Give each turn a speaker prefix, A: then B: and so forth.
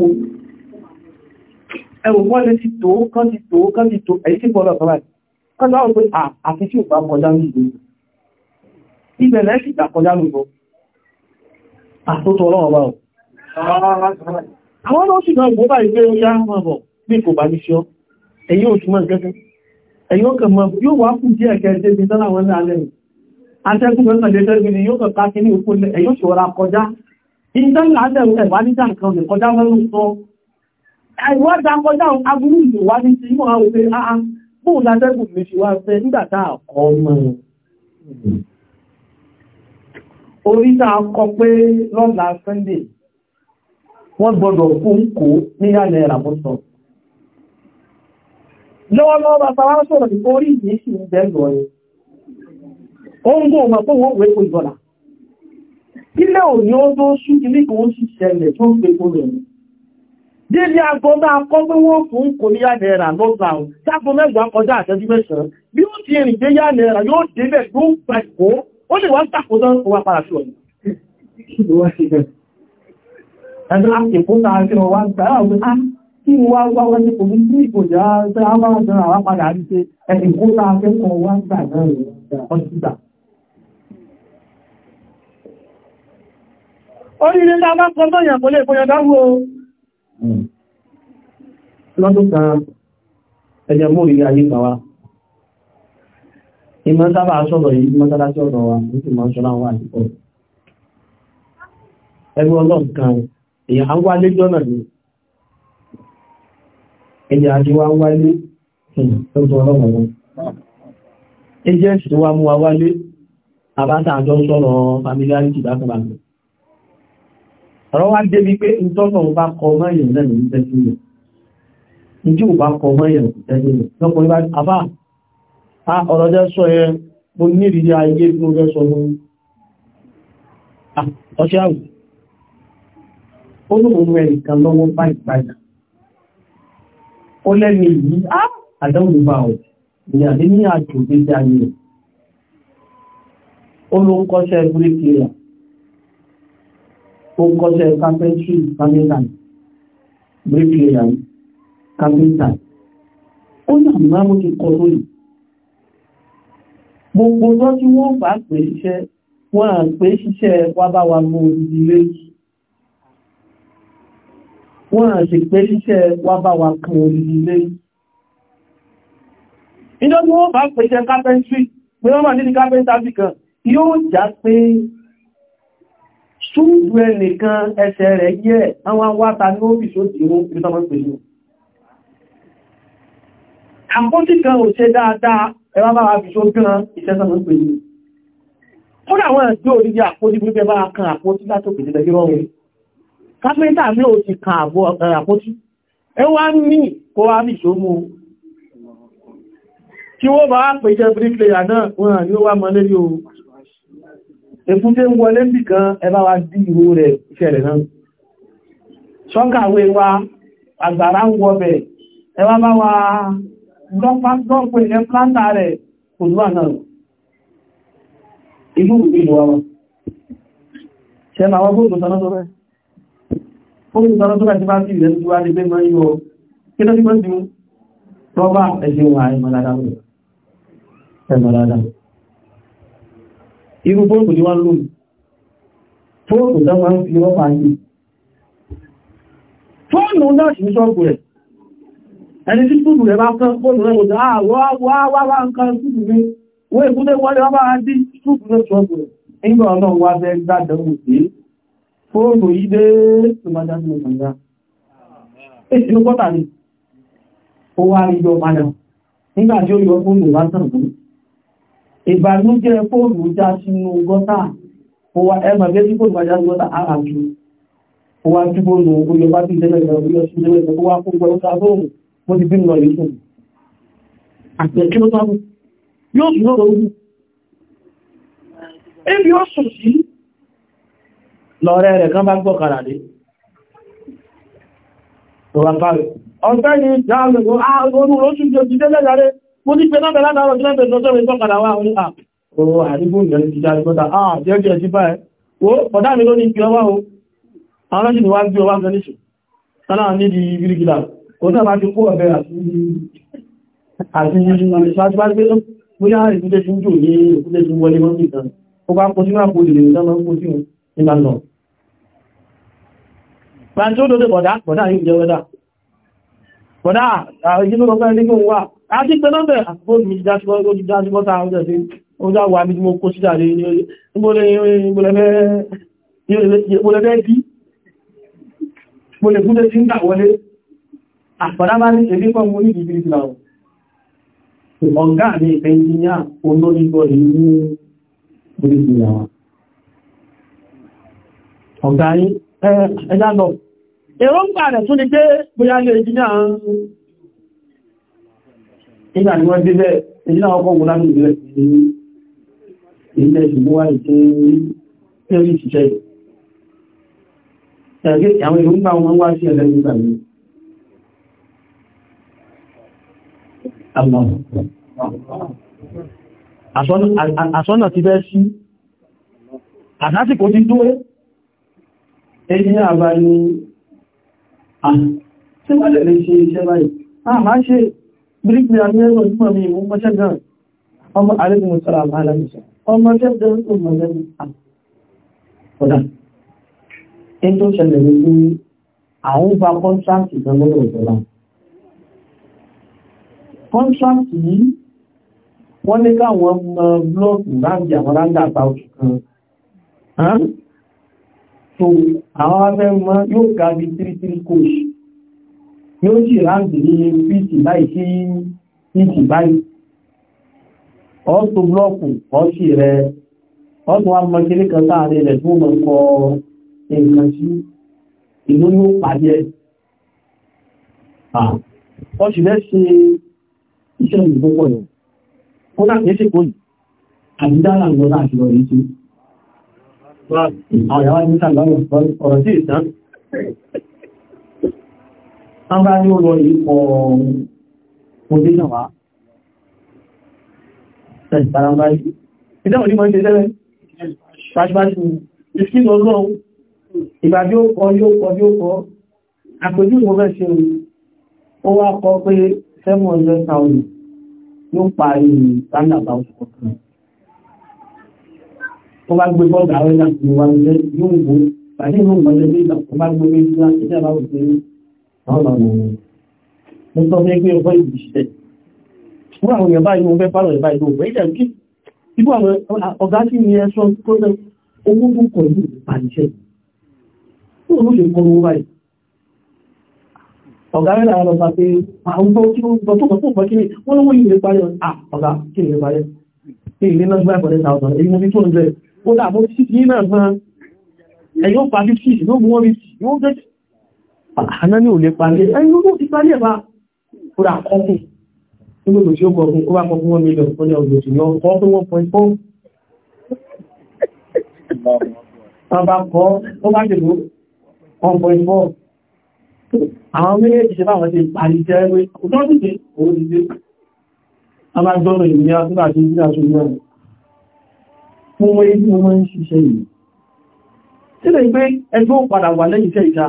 A: wò ẹwò wọ́n lè ti tó kán ti tó kán ti tó ẹ̀yí tí bọ́ọ̀lọ̀ kọ́lá kán láwọn pé àfi tí ò bá kọjá ní ìlú ibẹ̀ lẹ́sì ìgbà kọjá ní ìbọ̀ àtótó ọlọ́wọ́ bá àwọn ọ̀sì náà gbọ́ bá ìgbé ó yá máa bọ̀ bí kò bá ní ṣọ́ ẹ̀yí ò túnmọ̀ gẹ́gẹ́ ẹ̀yí ó kàn mọ́ yóò wá kú díẹ̀ kẹrẹsẹ́ bí tọ́lá wọn láàrẹ̀ atẹ́kùn mẹ́sàn-án lẹ́tẹ́rẹ́ bí ni yóò kàn ká kí ní ìtọ́nà àtẹ̀rù ẹ̀wà ní jàǹkan òní kọjá sọ àìwádà kọjá agbúrú ìwà ní ti mọ́ àwọn òfin àá bóò látẹ́kùn mi ṣe wá fẹ́ nígbàtà ọmọ oríta kọ pé lọ́la sunday wọ́n gbọ́dọ̀ fún kò ní àlẹ́ ìràmọ́sọ̀ lọ́wọ́lọ́wọ́ Kílẹ̀ òní ó tó ṣú ilé kò ó sì ṣẹlẹ̀ tó ń pe kúrò ní. Dédé agbọ́dá akọ́ pé wọ́n fún kò ní yánẹ̀ẹ́rà lọ́gbà ọ̀, sáàbọ̀ mẹ́gbàá kọjá àtẹ́jú mẹ́sàn-án. Bí ó ti rìn dé yánẹ̀ẹ́rà yóò débẹ̀ tó ń pa ìkó, ó lè wá ń tàkó tán kó wá padà sí ọ̀nà. Ẹ̀dọ́ àti ìkúta àti ọwá gbà àwọn tí ah, wá wá wá ní kò ní sí ìkòjá tẹ́ á máa jẹ́ àwọn padà rí pé ẹ̀kùnkúta akẹ́kọ̀ọ́ wá gbà náà rẹ̀ ọ̀sígbà. orílẹ̀ lábá pọ̀lọ́ ìyàn kò lè fòyàn dáwó hmm. lọ́dún kan ẹjẹ̀ mú ìrìn ayé kan wá ìmọ̀ sábà sọ́rọ̀ yìí mọ́sálásí ọ̀rọ̀ wa ní ti máa sọ́lá wà àti pọ̀ ẹgbẹ́ ọlọ́run kan èyàn á wálé jọ́nà ní ẹjẹ́ àjíwá wálé tó hmm, ọlọ́run wọn mú wa wálé àbáta àjọ sọ̀rọ̀ familiarity bákanbákan ọ̀rọ̀ wá débi pé ìtọ́nà bá kọ mọ́yàn náà ní tẹ́sí rẹ̀ ìjú bá kọ mọ́yàn tẹ́sí rẹ̀ lọ́pọ̀ ibá àbá a ọ̀rọ̀ jẹ́ sọ yẹn mo ní ìrírí ayé tí mo fẹ́ sọ mọ́ ọṣẹ́ àwù ó ní òun ẹ̀rì kan lọ́wọ́ bá ìpadà ó lẹ́ni yìí á àdánwò bá ó kọ́ṣẹ́ kápẹ́ntì kápẹ́ntà bíríkìlìyà kápẹ́ntà ó ní àmúrá mú ti kọ lórí gbogbo ọjọ́ tí wọ́n bá pè ṣiṣẹ́ wọ́n à pè ṣiṣẹ́ wá bá wa mú ìdílé wọ́n à sì pè ṣiṣẹ́ wá bá wa kan ìdílé ìjọ́ tí wọ́n bá pè ṣiṣẹ́ kápẹ́ntì pé wọ́n mà ní kápẹ́ntà bìkan yóò já pé túnbù ẹnìkan ẹsẹ̀ rẹ̀ yẹ́ àwọn wáta ní òbìsó tí ó ń pẹ̀lú pẹ̀lú àpótí kan ò ṣe dáadáa ẹwà bá wà fìṣó gan ìṣẹ́sọ́mọ́ pẹ̀lú fún àwọn ẹ̀gbẹ́ òdíjẹ àpótí pípẹ́ bá kan àpótí látòkè jẹ́ lọ́rùn kápẹ́ntà ní ò ti kan àpótí ẹwà ní kó wá fìṣó mú kí wọ́n bá pẹ̀jẹ́ bricklayer náà wọ́n ní ó wá mọ́ lérí ohun Èkúté ń wọlé sí kan ẹbá wa dí ìró rẹ̀ iṣẹ́ rẹ̀ náà. Ṣọ́kàwé wa, àgbàrá ń wọbẹ̀, ẹwà bá wa dọ́pẹ́ ilẹ̀ plántà rẹ̀ òdúwà náà. Ìlú ìlú àwọn. Ṣẹ́ ma wọ́n gbogbo sọ́nà tó rẹ̀? Gbogbo sọ́nà tó rẹ̀ ti bá sí ìrẹ́ tó irú bóòkù ní wọ́n lóòrùn fóòkù tó máa ń fi rọ́pàá yìí fóònù náà sì ní ṣọ́ọ̀kù rẹ̀ ẹni tí kúrù rẹ̀ bá kán fóònù rẹ̀ wọ́n ah, wá nǹkan kúrù rẹ̀ wọ́n èkúté wọlé wọ́n bá dí kúrù rẹ̀ ṣọ́ọ̀kù rẹ̀ nígbà ọ̀nà wá fẹ́ gbádẹ̀wò sí fóònù yìí dé tó máa dá sílẹ̀ kànga èsì ló kọ́tà ni ó wá rí yọ padà nígbà tí ó yọ fóònù wá sàn fún ìbànújẹ́ fóònù já sínú gọ́tà wà ẹgbà gẹ́ tí fóònù já sínú gọ́tà ara jù wà tí fóònù oyọ bá bí ìdẹ́lẹ̀ ìrọ̀lẹ́ ìṣẹ́lẹ̀ ìṣẹ́lẹ̀ wà fún gbọ́rọ̀ sáfóònù mo ti bí lọ ìṣẹ́ Ọ̀gbẹ́ni ìjáàlùkú, ah, orúurú oṣù jẹ́ ìdílé lẹ́gbẹ̀rẹ́, mo ní pé náà lára ọjọ́ ìbẹ̀rẹ̀ lọ́jọ́ rẹ̀ tọ́kàdà wá orí àpò àdúgbò ìrẹ̀lẹ̀ ti jáde gọ́ta àà jẹ́ jẹ́ ti báyẹ̀ wo ọ̀dá mi ló ní ìpì ọwá o àwọn ọjọ́ ìwá ń gbé ọwá gẹ́lẹ́ṣù tánà ní di gírígìlá kò náà máa ti kó ọ̀bẹ̀ àti bóyá ìpínlẹ̀ tí ń jò ní ìpínlẹ̀ tí ń wọlé mọ́ nìkan ó bá ń kó sínú àpò ìlèrè náà máa ń kó sínú nígbà náà. bá ń tí ó dóde bọ̀dá bọ̀dá yìí jẹ́ wẹ́dà bọ̀dá ìjílọ́gbọ́n ẹ̀lẹ́gbọ́n wà láti pẹ́ lọ́bẹ̀ àpòsí mi jáṣígbọ́ta àwọn ọjọ́ ọjọ́ wà ní mo kó sídà lè ìgbòlẹ̀bẹ́ bí mo lè gúnlẹ̀ sí ń dà wọlé àpàdá bá ní ẹbí pọ̀ mú ní ìbí ìlàwọ̀ ọ̀gá mi ìfẹ́ntíyà olórígbọ̀ ìlú orí ìlàwọ̀ ọ̀gá yí ẹjá lọ èròǹgbà rẹ̀ tún ni pé bóyá lè jí náà nígbà ni wọ́n débẹ̀ èyí náà ọkọ̀ wọ́n lábí ìrẹ́ ilẹ̀ ìgbówà ìtẹ́ ẹ̀rí ìṣẹ́ ẹ̀gẹ́ àwọn èròǹgbà wọn wá sí ẹ̀rẹ́ nígbà ní àṣọ́nà ti bẹ́ tí ah, wọ́n lè lè ṣe iṣẹ́ báyìí náà ah, máa ṣe bíríkì àmìyàn ìgbà mi ìwọ̀n mọ́ṣẹ́ gan ọmọ àríkùnmọ̀ sọ́rọ̀ àmàlàmìṣẹ́ ọmọ jẹ́ gan ọmọ lẹ́nu ah, ọ̀dá in tó ṣẹlẹ̀ ní pé àwọn bá kọ́ntráktì kan lọ́dọ̀ ìjọba kọ́ntráktì yìí wọ́n ní káwọn ọmọ blọ́ọ̀kù láti àwọn ráńdà àpá òkè kan so àwọn afẹ́ mọ́ yóò ga bí 3-3 coach yóò sì ráǹdì ní pìtì báyìí sí pìtì báyìí ọ́tù blọ́ọ̀kù ọ́sì rẹ̀ ọ́tù wa mọ́ kéré kan sáàrin rẹ̀ tó mọ́ kọ nǹkan sí ìlú yóò pàdé ọ́sì rẹ̀ ṣe iṣẹ́ ìgbókọ̀ rẹ̀ kó náà kìí sí kò yìí àbídára ìrọ̀lá àti Àwọn ni ó lọ ìpọ̀ òdínà wá. Ṣẹ̀ṣì tàrà ń báyìí. Ìdáwọn ní mọ́ ṣe lẹ́rẹ̀. Ṣàṣìbáṣì, ìṣkí lọ lọ́wọ́. Ìgbà bí ó kọ yóò kọ yóò kọ. Àpèjú mo fẹ́ ṣe ó wá kọ pé 700,000 tó bá gbé bọ́ọ̀lù àwọn ẹ̀dá tó wà lóṣẹ́ yóò wò pàdé ìlú ìmọ̀lẹ́ bí ìgbà tó bá gbé bí ìgbà tó dábàá òṣè àwọn ọmọ wọn. mo sọ fún ẹgbẹ́ ọgbọ́n ìlú ìṣiṣẹ́ fún àwọn èèyàn báyìí mo fẹ́ fáwọn èèyàn báyìí gbogbo kí ọ̀gá rẹ̀ làwọn ọba pé àwọn tó kí wọ́n gbọ́ tó kọ̀ tó kọ̀ kí wọ́n lówó ìlú parí ah, ọ̀gá kí ìlú parí kí ìlú náà gbá èyí mo fi 200 kódà mo sí ní náà gan ẹ̀yọ́ pa 50 ló mú wọ́n rí sí yóò jẹ́ àná ní ò lè parí ẹ̀yọ́ ló ti parí ẹ̀bá kódà kọ́kùn nínú olùsí ó kọ̀ọ̀kùn kó bá kọ́kùn wọ́n mílọ̀ fún ní olùsí lọ kọ́kùn wọ́n pọ̀ ìpọ́ bá kọ́ ó bá jẹ̀ ló wọ́n pọ̀ ìpọ́ àwọn méjèèjì ṣe báwọn ṣe parí jẹ́ ẹgbẹ́ òtọ́ fún wọ́n ń ṣiṣẹ́ yìí tí lè gbé ẹgbẹ́ òpadà wà lẹ́yìn iṣẹ́ ìta